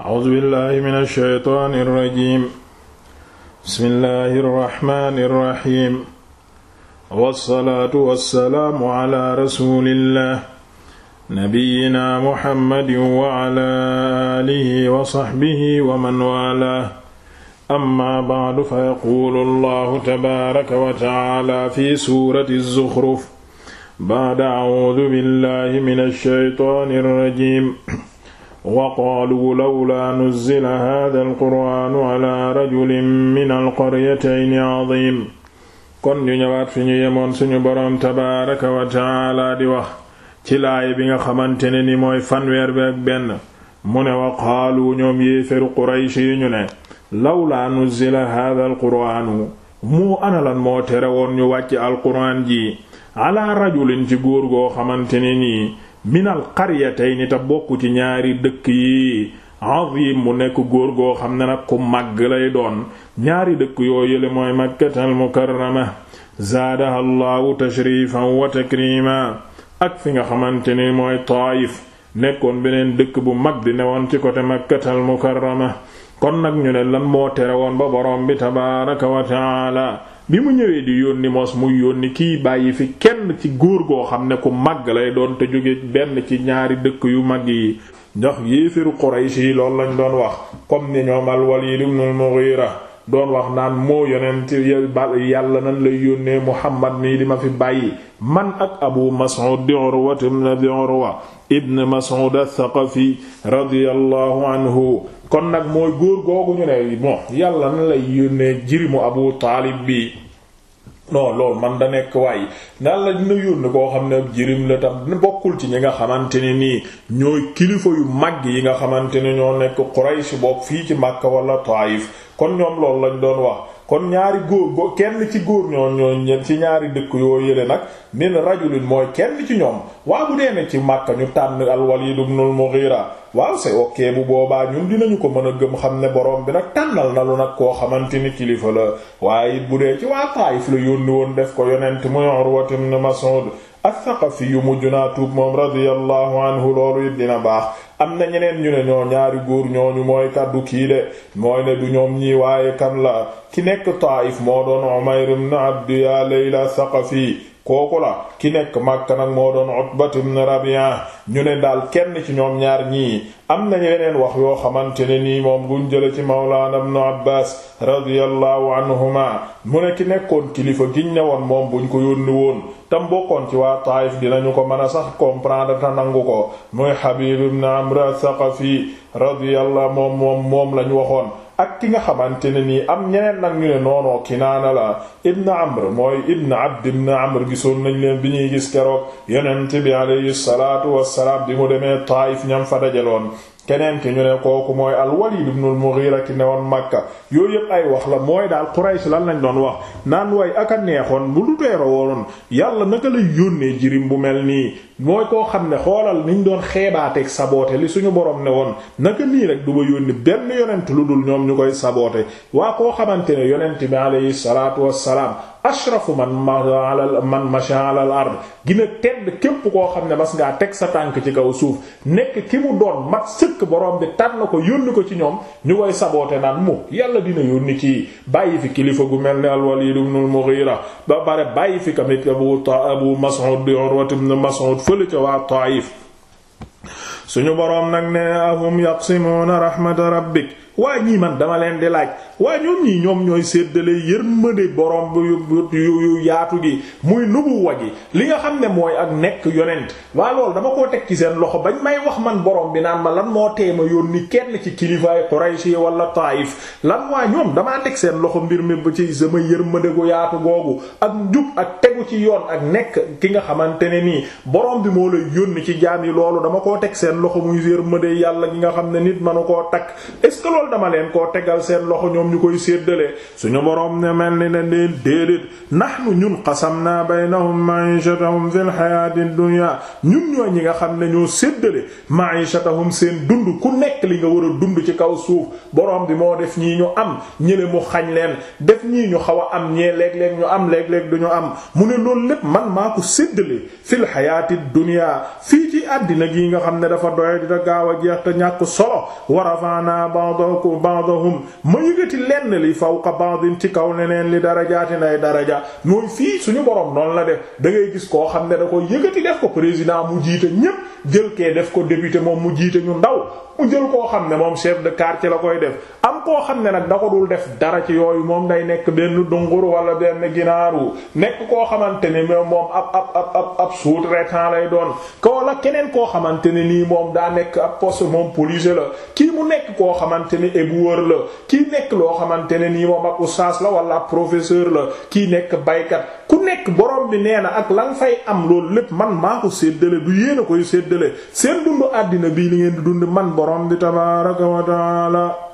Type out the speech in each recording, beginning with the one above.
أعوذ بالله من الشيطان الرجيم بسم الله الرحمن الرحيم والصلاة والسلام على رسول الله نبينا محمد وعلى آله وصحبه ومن والاه أما بعد فيقول الله تبارك وتعالى في سورة الزخرف بعد أعوذ بالله من الشيطان الرجيم wa qaaluu lawlaa nuzzila haadha alqur'aanu ala rajulin min alqaryatayni adiim kon ñu ñëwaat fi ñu yemoon suñu boroom tabaaraka wa di wax ci laay bi nga xamante ne ni mooy fanweer bi ak benn mu ne wa qaalu ñoom yéeféru quraysh yi ñu ne lawlaa nuzzila haadha alqur'aanu moo analan moo tere woon ñu wàcc alqur'aan ji ala rajulin ci góor goo xamante ne minal qaryatayn te bokk ci ñaari dëkk yi azim mu nekk góor goo xam ne nag ku màgg lay doon ñaari dëkk yoo yële mooy makkatal mukarrama zaadaha allahu tashrifan wa takrima ak fi nga xamante ni mooy taayif nekkoon beneen dëkk bu mag di newoon ci côté makkatal mukarrama kon nag ñu ne lan moo tere woon ba borom bi tabaaraka wa taala bi mu ñëwee di yónni mos muy yónni kii bàyyi fi kenn ci góor goo xam ne ku màgg lay doon te jóge benn ci ñaari dëkk yu mag yi ndax yéefiru Quraysh yi lool lañ doon wax comme ni ñoom al-Walid ibn al-Mughira doon wax naan moo yonent yàlla nan lay yónnee Muhammad nii di ma fi bàyyi man ak Abu Mas'ud di Urwa ibn Urwa ibn Mas'ud ath anhu kon nag mooy góor googu ñu ne bon yàlla nan lay yónnee jirimu Abu Taalib bi non loolu man da nekk waaye nan la dina yónni koo xam ne ab jirim la tam bokkul ci ñi nga xamante ne nii ñooy kilifa yu mag yi nga xamante ne ñoo nekk si bopp fii ci Makka wala Taayif kon ñoom lool lañ doon wax kon ñaari góor góor kenn ci góor ñoon ñoon ñen ci ñaari dëkk yoo yële nag min rajulin mooy kenn ci ñoom waa bu dee ne ci Makka ñu tànn al-Walid ibn al-Mughira waaw c'est ok bu boobaa ñun dinañu ko mën a gëm xam ne boroom bi nag tànnal na lu nag koo xamante ni kilifa la waaye it bu dee ci waa Taayif la yónni woon def ko yonent muy Urwa ibn Mas'ud al-Thaqafi yu mujj naa tuub moom radiyallahu anhu loolu it dina baax am na ñeneen ñu ne ñoo ñaari góor ñooñu mooy kàddu kii de mooy ne du ñoom ñi waaye kan la ki nekk Taayif moo doon Umayr ibn Abd ya Layla Saqafi kooku la ki nekk Makka nag moo doon Utbat ibn Rabi'a ñu ne daal kenn ci ñoom ñaar ñii am na yeneen wax yoo xamante ne nii moom buñ jële ci Mawlana ibn Abbas radiyallahu anhuma mu ne ki nekkoon kilifa giñ ne woon moom bu buñ ko yónni woon tam bokkoon ci waa Taayif dinañu ko mën a sax comprendre te nangu ko muy Habib ibn Amr Thaqafi radiyallahu moom moom moom lañ waxoon ak ki nga xamante ne nii am ñeneen nag ñu ne noonoo Kinaana la ibn Amr mooy ibn Abd ibn Amr gisoon nañ leen bi ñuy gis keroog yonent bi alayhi salaatu wassalaam bi mu demee Taayif ñam fa dajaloon keneen ki ñu ne kooku mooy al-Walid ibn al-Mughira ki ne woon Makka yooyu yëpp ay wax la mooy daal Quraysh lan lañ doon wax naan way aka neexoon bu du teero woon yàlla naka lay yónnee jirim bu mel nii mooy koo xam ne xoolal niñ doon xeebaateeg saboote li suñu borom ne woon naka nii rek du ma yónni benn yonent lu dul ñoom ñu koy saboote waa koo xamante ne yonent bi alayhi salaatu wassalaam ashrafu man man masha ala al ard gina tedd képp koo xam ne bas ngaa teg sa tànk ci kaw suuf nekk ki mu doon mat sëkk borom bi tànn ko yónni ko ci ñoom ñu koy saboote naan mu yàlla dina yónni kii bàyyi fi kilifa gu mel ni al-Walid ibn ba bare bàyyi fi kamit abu Mas'ud di Urwa mason Mas'ud fële ca waa Taif suñu boroom nag ne ahum yaqsimuuna rahmata rabbik waa ñii man dama leen di laaj waa ñoom ñii ñoom ñooy séddale yërmande boroom bu yu yu yaatu gi muy nubu waji li nga xam ne mooy ak nekk yonent waa loolu dama koo teg ci seen loxo bañ may wax man borom bi naan ma lan moo teema ni kenn ci kilifaay Quraysh yi wala Taayif lan waa ñoom damaa teg seen loxo mbir mi ba ci sama yërmande gu yaatu googu ak njub ak tegu ci yoon ak nekk ki nga xamante ne nii borom bi moo ci jaam yi loolu dama koo teg seen loxo muy yërmande yàlla gi nga xam ne nit manu koo takk est ce que loolu dama leen koo tegal seen loxo ñoom ñu koy séddale suñu boroom ne mel ni ne leen déedéet nahnu ñun naa qasamna baynahum ma'ishatahum fil hayatid dunya ñun ñoo ñi nga xam ne ñoo séddale ma'ishatahum seen dund ku nekk li nga war dund ci kaw suuf boroom bi moo def ñii ñu am ñële mu xañ leen def ñii ñu xaw a am ñee léeg-léeg ñu am léeg-léeg duñu am mu ne loolu lépp man maa ko séddale fil hayatid dafa doye di da gaaw a jeex te ñàkk solo wa rafa'na ba'dakum ba'dahum ma yëgati lenn li fawqa ba'din ci kaw ne neen li darajaati nay daraja mooy fii suñu borom noonu la def da ngay gis koo xam ne da ko yëgati def ko président mu jiite ñépp jël kee def ko député moom mu jiite ñu ndaw mu jël koo xam ne moom chef de ci la koy def am koo xam ne nag da ko dul def dara ci yooyu moom day nekk benn dungur wala benn ginaaru nekk koo xamante ne moom ab ab ab ab sous-traitant lay doon ko la keneen koo xamante ne nii moom daa nekk ab poste moom policier la kii mu nekk koo xamante ne éboueur la kii nekk loo xamante ne nii moom ab oustaz la wala ab professeur la kii nekk baykat ku nekk borom bi nee na ak lan fay am loolu lépp man maa ko séddale du yéen koy séddale seen dundu àddina bii li ngeen dund man borom bi tabaaraka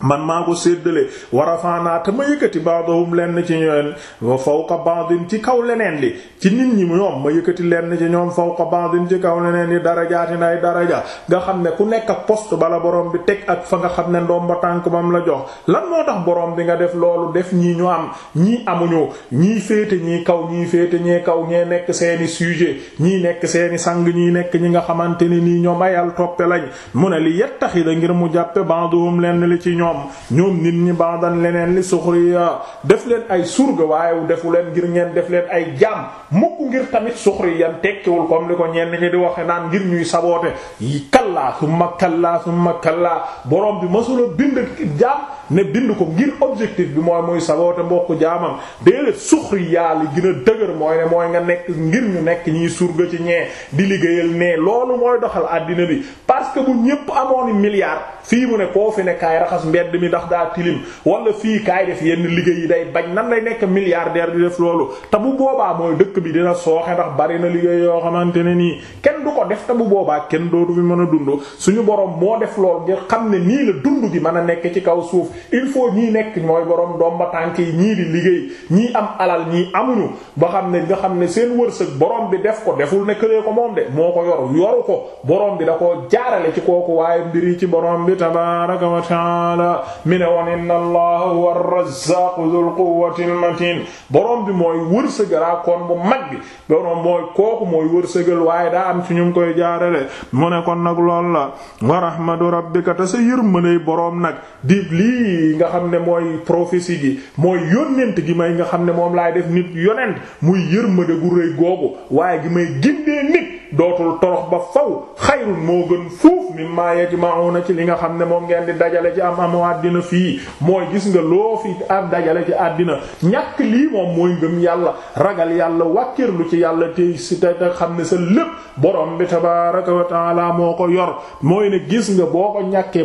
man maa ko séddale war a faanaa te ma yëkkati baadahum lenn ci ñoom fawqa baadin ci kaw leneen li ci nit ñi ñoom ma yëkkati lenn ci ñoom fawqa baadin ci kaw leneen li darajaati nay daraja nga xam ne ku nekk ak poste bala borom bi teg ak fa nga xam ne ndomba tànk bam la jox lan moo tax borom bi nga def loolu def ñii ñu am ñii amuñu ñii féete ñii kaw ñii féete ñee kaw ñee nekk seeni sujet nekk seeni sang ñii nekk ñi nga xamante ne nii ñoom ayal toppe lañ mu mu jàppe baadahum lenn li ci ñoom ñoom ñoom nit ñi baadan leneen li suxriya def leen ay surga waaye defu leen ngir ngeen def leen ay jaam mukk ngir tamit suxriyan tekkiwul comme li ko ñenn ñi di waxe naan ngir ñuy saboote yi kallaa summa kallaa summa kallaa borom bi masula bind jaam ne bind ko ngir objectif bi mooy muy saboote mbokk jaamam déedéet suxriyaa li gën a dëgër mooy ne mooy nga nekk ngir ñu nekk ñiy surga ci ñee di liggéeyal nee loolu mooy doxal àddina bi parce que bu ñépp amoon milliard fii mu ne koo fi ne kaay raxas mbedd mi ndax daa tilim wala fii kaay def yenn liggéey yi day bañ nan lay nekk milliardaire di def loolu te bu boobaa mooy dëkk bi dina sooxe ndax bari na liggéey yoo xamante ne nii kenn du ko def te bu boobaa kenn dootu mën a dund suñu borom moo def loolu xam ne nii la dund gi mën a nekk ci kaw suuf il faut ñii nekk mooy borom doom ba tànk yi ñii di liggéey ñii am alal ñii amuñu ba xam ne nga xam ne seen wërsëg borom bi def ko deful ne këlee ko moom de moo ko yor yoru ko boroom bi da koo jaarale ci kooku waaye mbiri ci boroom bi tabaaraka wa taala mi ne woon inna allaha huwa ar-razzaaqu dhul quwwati al-matin borom bi mooy wërsëgalaa kon bu mag bi borom mooy kooku mooy wërsëgal waaye daa am ci ñu koy jaarale mu ne kon nag lool la wa rahmatu rabbika ta borom nag lii nga xam ne mooy prophétie bi mooy yónnent gi may nga xam ne moom laay def nit yonent muy yërmande gu rëy googu waaye gi may gindee nit dootul torox ba faw xayrun moo gën fuuf mi maa na ci li nga xam ne moom ngeen di dajale ci am amu àddina fii mooy gis nga loo fi am dajale ci àddina ñàkk lii moom mooy ngëm yàlla ragal yàlla wàkkirlu ci yàlla tey si te te xam ne sa lépp borom bi tabaaraka wa ta'ala moo ko yor mooy ne gis nga boo ko ñàkkee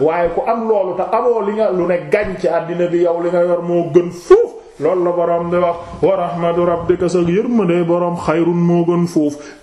waaye ku am loolu te amoo li nga lu ne gañ ci àddina bi yow li nga yor moo gën fuuf loolu la borom di wax wa rahmatu rabbika ma yërmande boroom xayrun moo gën fuuf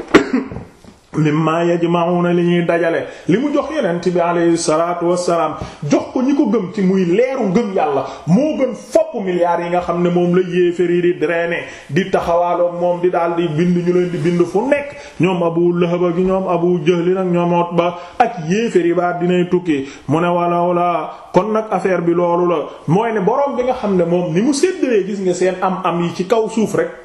mimma na li ñuy dajale li mu jox yonent bi alayhi salaatu wassalaam jox ko ñi ko gëm ci muy leeru gëm yàlla moo gën fopp milliards yi nga xam ne moom la yéefér yi di drainer di taxawaaloon moom di daal di bind ñu leen di bind fu nekk ñoom abu lahaba gi ñoom abu jahli nag ñoom ba ak yéefér yi baa dinay tukki mu ne walaw la kon nag affaire bi loolu la mooy ne boroom bi nga xam ne moom ni mu séddalee gis nga seen am am yi ci kaw suuf rek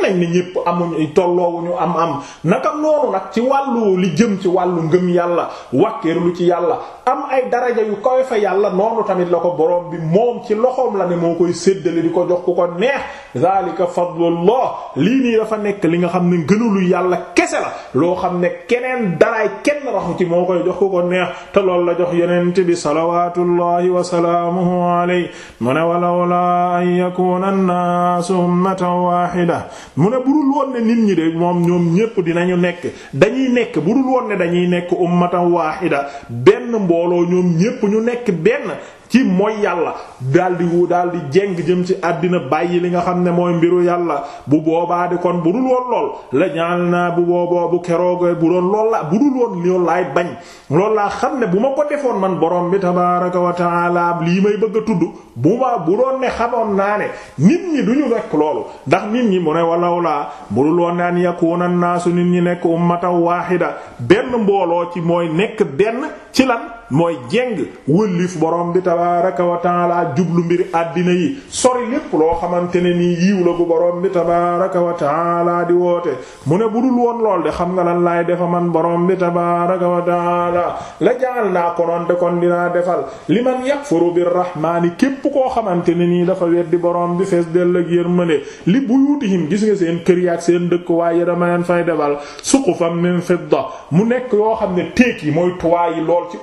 xam nañ ne ñépp amuñu ñu am am naka noonu nag ci wàllu li jëm ci wàllu ngëm yàlla wàkkeerlu ci yàlla am ay daraja yu kawe fa yàlla noonu tamit la ko boroom bi moom ci loxoom la ne moo koy séddale di ko jox ku ko neex zalika fadlullah lii nii nekk li nga xam ne ngënalu yàlla kese loo xam ne keneen daraay kenn raxu ci moo koy jox ku ko neex te loolu la jox yeneen bi salawatullahi wa salaamuhu alayhi mu ne walawla an yakuna an-nasu ummatan wahida mu ne budul woon ne nit ñi de moom ñoom ñépp dinañu nekk dañuy nekk budul woon ne dañuy nekk ummatan waahida benn mbooloo ñoom ñépp ñu nekk benn ci mooy yàlla daldi wu daldi jeng jëm si àddina bàyyi li nga xam ne mooy mbiru yàlla bu boobaa di kon bu dul woon lool la ñaal naa bu booboo bu keroog bu doon lool la bu dul woon lool laay bañ lool laa xam ne bu ma ko defoon man borom bi tabaaraka wa taala lii may bëgg a tudd bu ma bu doon ne xamoon naa ne nit ñi duñu rekk loolu ndax nit ñi mu ne walaw laa bu dul woon ne an yakuna naasu nit ñi nekk ummatan waahida benn mbooloo ci mooy nekk benn ci mooy jeng wëllif borom bi tabaaraka wa taala jublu mbir àddina yi sori lépp loo xamante ne nii yiiw la gu borom bi tabaaraka wa di woote mu ne budul woon lool de xam nga lan laay defa man borom bi tabaaraka wa taala la jaal naa konoon de kon dinaa defal li man yakfuru bir rahmaani képp koo xamante ne nii dafa weddi borom bi fees dell ak yërmande li buyuutihim gis nga seen kër yaak seen dëkk waaye dama leen fay defal suqufan min fidda mu nekk yoo xam ne teek yi yi lool ci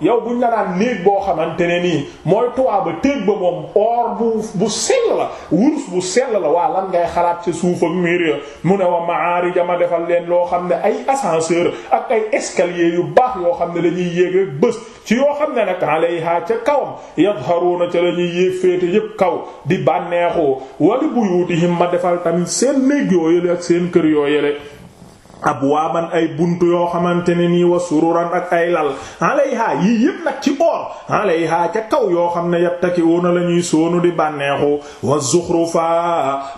yow buñ la naan néeg boo xamante ne nii mooy tuwaa ba téeg ba moom or bu bu sell la wurus bu sell la waa lan ngay xalaat ci suuf ak miir ya mu ne wa maari ma defal leen loo xam ne ay ascenseur ak ay escalier yu baax yoo xam ne dañuy yéeg rek bës ci yoo xam ne nag alayha ca kawam yadharuna ca la ñuy yéeg féete yépp kaw di bànneexoo wala buyutihim ma defal tamit seen néeg yoo yële ak seen kër yoo yële abwaaban ay buntu yoo xamante ne nii wa sururan ak ay lal alayha yii yëpp nag ci oor alayha ca kaw yoo xam ne yattaki'una la ñuy soonu di bànneexu wa zuxrufa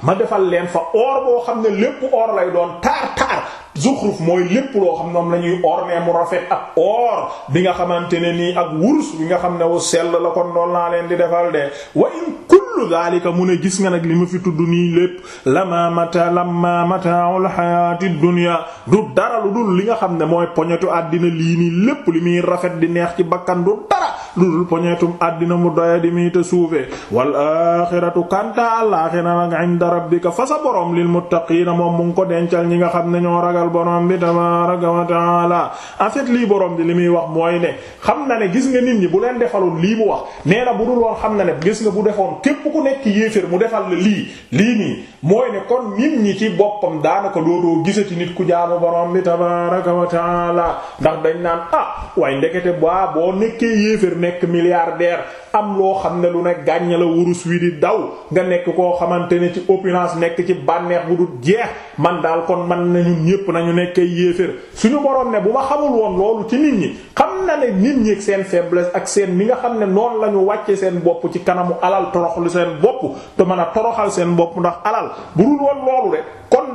ma defal leen fa oor boo xam ne lépp oor lay doon taar taar zuxruf mooy lépp loo xam moom la ñuy ornee mu rafet ak or bi nga xamante ne nii ak wurus bi nga xam ne wu sell la kon lool naa leen di defal de wa in kullu daalika mu ne gis nga nag li ma fi tudd nii lépp lama mata lama mataul xayati dunya du dara lu dul li nga xam ne mooy poñetu àddina lii nii lépp li muy rafet di neex ci bakkan du dara lu dul poñetum àddina mu doyadi mi te suufee wal axiratu kanta na nag inda rabbika fa sa borom lil muttaqiina moom mu ko dencal ñi nga xam ne ñoo ragal borom bi tabaraka wa taala en fait lii borom bi li muy wax mooy ne xam na ne gis nga nit ñi bu leen defaloon lii mu wax nee na bu dul woon xam na ne gis nga bu defoon képp ku nekk yéeféer mu defal la lii lii nii mooy ne kon nit ñi ci boppam daanaka dootoo ti nit ku jaamu borom bi tabaaraka wa taala ndax dañ naan ah waaye ndekete baa boo nekkee yéeféer nekk milliardaire am loo xam ne lu ne gàññ la wurus wi di daw nga nekk koo xamante ne ci opulence nekk ci bànneex bu dul jeex man daal kon man nañu ñépp nañu nekk ay su ñu boroom ne bu ma xamul woon loolu ci nit ñi xam na ne nit ñi seen faiblesse ak seen mi nga xam ne noonu la ñu wàcce seen bopp ci kanamu alal toroxlu seen bopp te mën a toroxal seen bopp ndax alal bu dul woon loolu de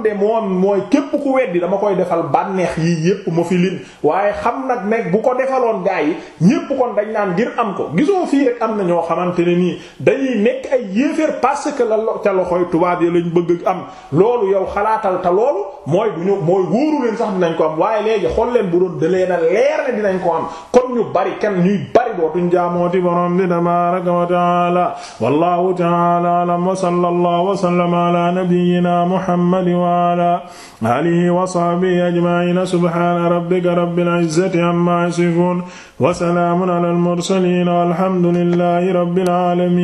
de moom mooy képp ku weddi dama koy defal bànneex yi yépp ma fi lim waaye xam nag nekk bu ko defaloon gaa yi ñépp kon dañ naan ngir am ko gisoo fii rek am na ñoo xamante ne nii dañuy nekk ay yéeféer parce que la ca loxoy tubaab yi lañ bëgg am loolu yow xalaatal te loolu mooy du ñu mooy wóoru leen sax dinañ ko am waaye léegi xool leen bu doon da leen a leer ne dinañ ko am kon ñu bari kenn ñuy bari dootuñ jaamooti borom bi tabaaraka wa ta'aala wallahu ta'aala a'lam wa sallallahu wa sallama ala nabiyyina muhammad wa ala alihi wa sahbihi ajma'ina subhana rabbika rabbil izzati amma yasifun wa salaamun ala al mursalin walhamdulillahi rabbil alamin